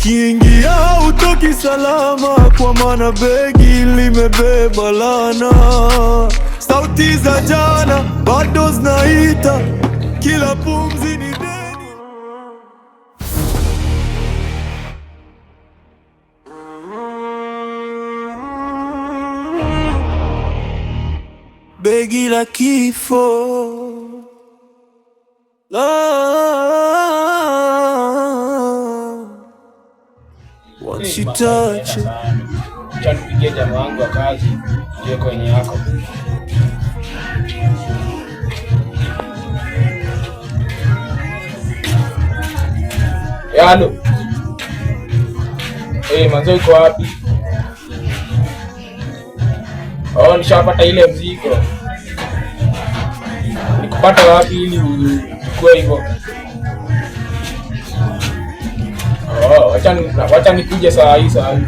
Ukiingia utoki salama, kwa maana begi limebeba lana. Sauti za jana bado zinaita, kila pumzi ni deni. Begi la kifo la She touch it. Chanipigia jamaa wangu wa kazi ndio kwenye yako. Yalo. Eh, eh, manzo iko wapi? Oh, nishapata ile mzigo. Nikupata wapi ili ukue hivyo? wacha nikuje saa hii saa hii.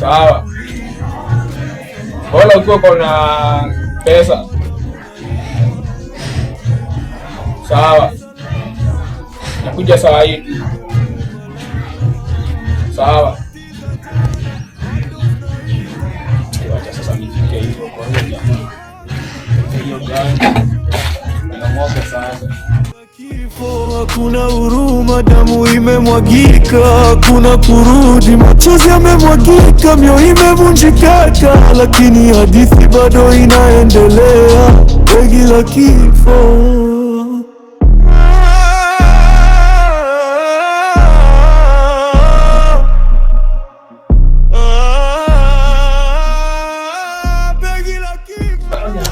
Sawa, mbona ukiwa kuna pesa? Sawa, nakuja saa hii. Sawa, wacha sasa nifike kuna huruma, damu imemwagika, kuna kurudi, machozi yamemwagika, mioyo imevunjikaka, lakini hadithi bado inaendelea, begi la kifo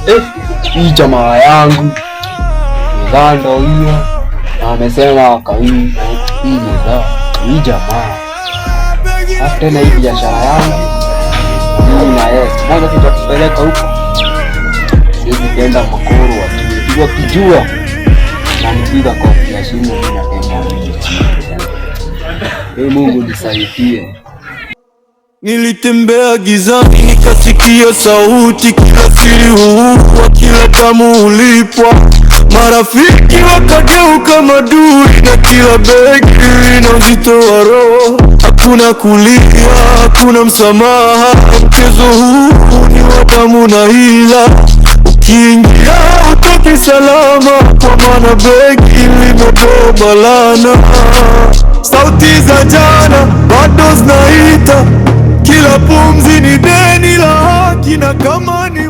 eh, hii jamaa yangu Uganda hiyo na amesema kawii hii jamaa tena hii biashara yangu mimi na yeye kwanza tutakupeleka huko, siwezi kwenda Makoro wakijua nanipiga kofi ya shingo e, Mungu nisaidie. Nilitembea gizani nikasikia sauti, kila siri huukwa, kila tamu ulipwa Marafiki wakageuka madui na kila begi na uzito wa roho. Hakuna kulia, hakuna msamaha. Mchezo huu ni wa damu na hila, ukiingia utoki salama, kwa maana begi limebeba laana. Sauti za jana bado zinaita, kila pumzi ni deni la haki na kama ni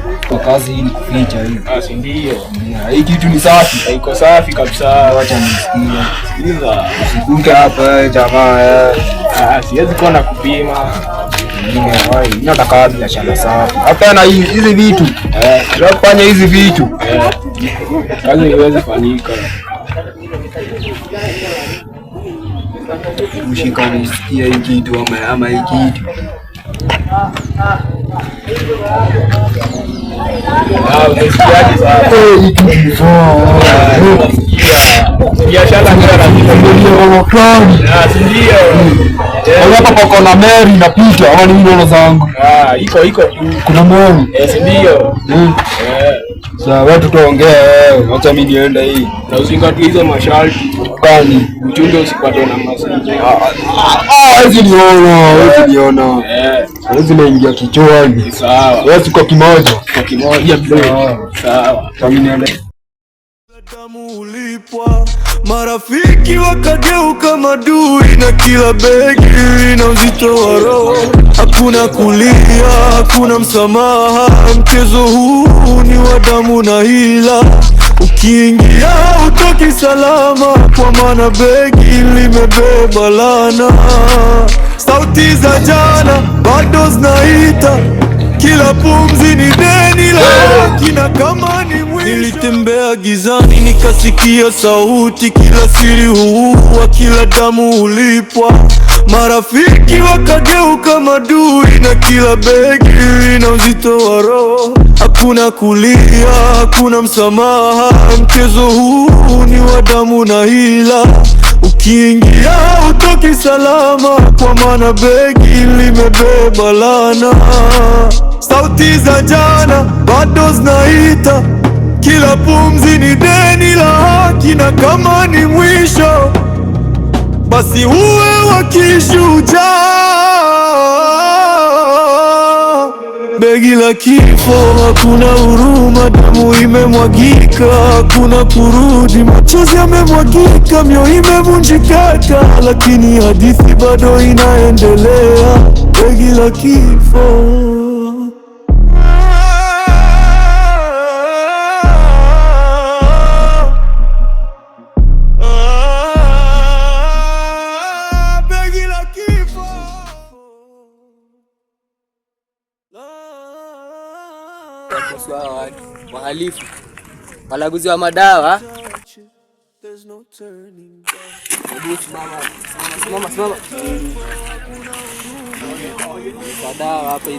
kwa kazi hii ni kuficha hivi. Ah, si ndio? Hii kitu ni safi. Haiko safi kabisa. Acha nisikie. Sikiliza. Usikunde hapa eh, jamaa. Eh. Ah, siwezi kuwa na kupima. Nataka biashara safi. hizi vitu. Eh, tunafanya hizi vitu. Eh. Kazi fanyika. Mshika hii kitu ama hii kitu. Hapo pako na meri inapita, ama ni ndono zangu. Kuna meri, eh, si ndio? Mm. Eh. Sasa wewe tutaongea wewe, acha mimi nienda hii. Na usingatie hizo masharti. Kwani mchunge usipate na masharti. Ah, hizi ah, ah, ah, ni niona, hizi ona. Eh. Hizi naingia kichwani. Sawa. Wewe kwa kimoja. Kwa kimoja Sawa. Sawa. mimi nienda. Damu ulipwa, marafiki wakageuka madui, na kila begi lina uzito wa roho. Hakuna kulia, hakuna msamaha, mchezo huu ni wa damu na hila. Ukiingia utoki salama, kwa maana begi limebeba lana Sauti za jana bado zinaita, kila pumzi ni deni la kina kama ni Nilitembea gizani nikasikia sauti, kila siri huua, kila damu hulipwa. Marafiki wakageuka madui, na kila begi lina uzito wa roho. Hakuna kulia, hakuna msamaha, mchezo huu ni wa damu na hila. Ukiingia utoki salama, kwa maana begi limebeba laana. Sauti za jana bado zinaita kila pumzi ni deni la haki, na kama ni mwisho, basi uwe wa kishujaa. Begi la kifo, hakuna huruma, damu imemwagika, hakuna kurudi, machozi yamemwagika, mioyo imevunjikaka, lakini hadithi bado inaendelea. Begi la kifo uhalifu, walaguzi wa madawa. Madawa hapa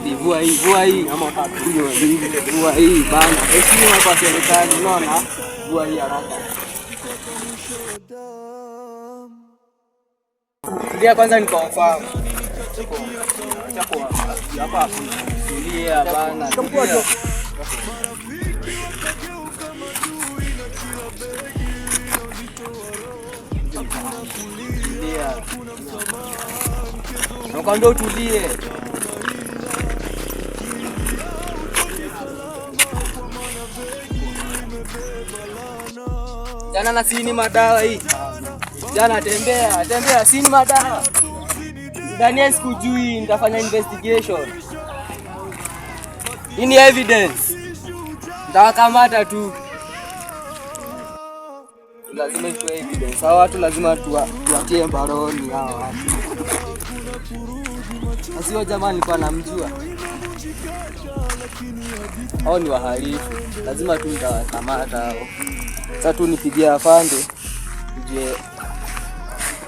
kwa serikali, kwanza nikawafahamu hapa, bana kulia, nakwambia utulie. Jana na sini madawa hii jana, tembea tembea, sini madawa Daniel, sikujui, nitafanya investigation. Hii ni evidence, nitawakamata tu lazima tuwe evidence. Hawa watu lazima tuwatie mbaroni hawa watu. Asiyo jamani, nilikuwa namjua hao ni wahalifu, lazima tu nitawakamata hao. Sasa tu nipigie afande, je,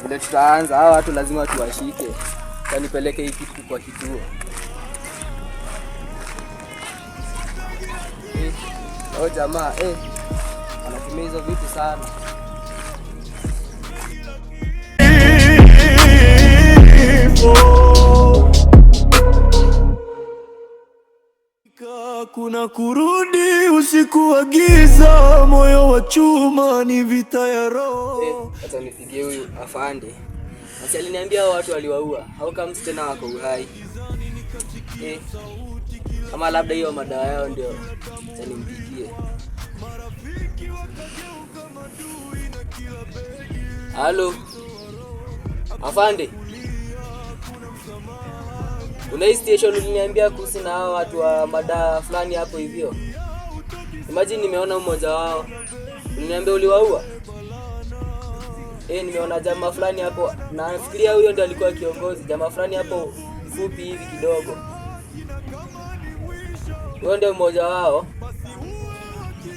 ndio tutaanza? Hawa watu lazima tuwashike, tanipeleke hii kitu kwa kituo Oh jamaa eh, anatumia hizo vitu sana. kifo. Kuna kurudi usiku wa giza, moyo wa chuma ni vita ya roho. Sasa eh, nipigie huyu afande. Basi aliniambia hao watu waliwaua, comes tena wako uhai. Eh, ama labda hiyo madawa yao ndio nimpigie. Halo afande. Kuna hii station uliniambia kuhusu na hao watu wa mada fulani hapo hivyo. Imagine nimeona mmoja wao. Uliniambia uliwaua? Eh, nimeona jamaa fulani hapo. Nafikiria huyo ndiye alikuwa kiongozi. Jamaa fulani hapo fupi hivi kidogo. Huyo ndiye mmoja wao.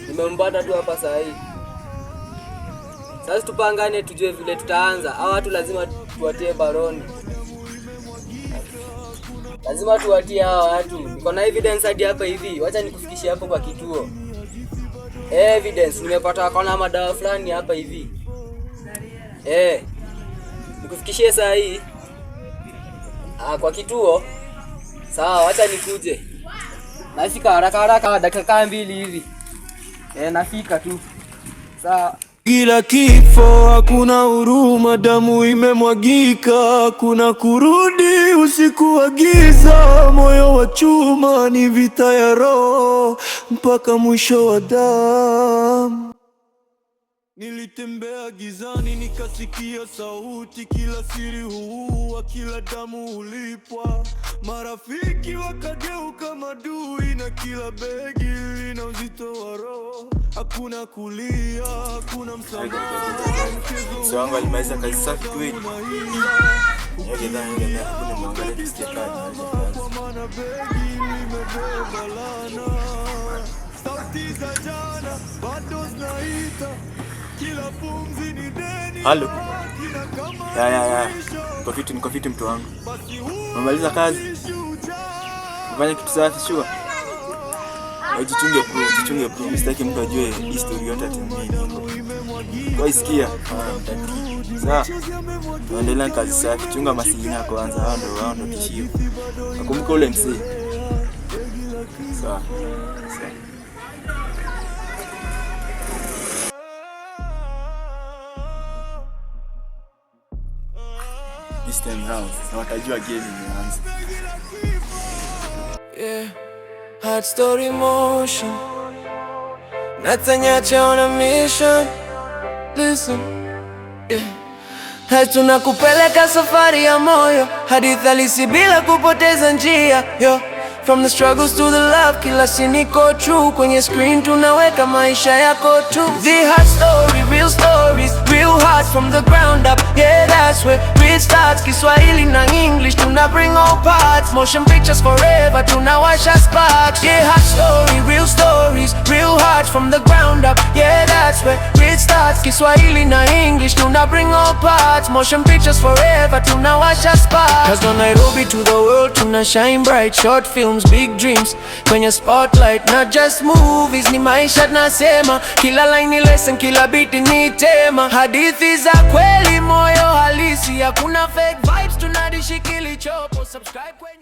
Nimempata tu hapa saa hii. Sasa tupangane tujue vile tutaanza. Hao watu lazima tuwatie baroni lazima tuwatie hawa watu. Niko na evidence hadi hapa hivi, wacha nikufikishie hapo kwa kituo. Evidence nimepata wako na madawa fulani hapa hivi eh, nikufikishie saa hii ah, kwa kituo. Sawa, wacha nikuje, nafika haraka haraka, dakika mbili hivi eh, nafika tu sawa. Kila kifo hakuna huruma, damu imemwagika, kuna kurudi usiku wa giza, moyo wa chuma, ni vita ya roho mpaka mwisho wa damu. Nilitembea gizani nikasikia sauti, kila siri huua, kila damu hulipwa. Marafiki wakageuka madui, na kila begi lina uzito wa roho. Hakuna kulia, hakuna msamaha. begi limebeba laana, sauti za jana bado zinaita Halo. Ya ya ya. Kwa fiti niko fiti mtu wangu. Umemaliza kazi? Umefanya kitu safi sure? Ujichunge bro, ujichunge bro. Mimi sitaki mtu ajue history yote ati mimi. Wewe sikia. Ah, Sawa. Endelea kazi safi. Chunga masingi yako kwanza, hao ndio hao ndio tishio. Nakumbuka ule msee. Sawa. Sawa. this time round na watajua game imeanza. Yeah, hard story motion Natanyacha on a mission Listen, yeah hatuna kupeleka safari ya moyo hadithi halisi bila kupoteza njia yo. From the struggles to the love, kila siniko true kwenye screen tunaweka maisha yako tu. The hard story, real stories, real hearts from the ground up, yeah that's where beatstars Kiswahili na English tuna bring all parts motion pictures forever tunawasha sparks yeah hot story real stories real hearts from the ground up yeah that's where it starts Kiswahili na English tuna bring all parts motion pictures forever tunawasha sparks cause from Nairobi to the world tuna shine bright short films big dreams kwenye spotlight not just movies ni maisha tunasema kila line ni lesson kila beat ni tema hadithi za kweli moyo halisi ya una fake vibes, tunadishi kilichopo. Subscribe kwenye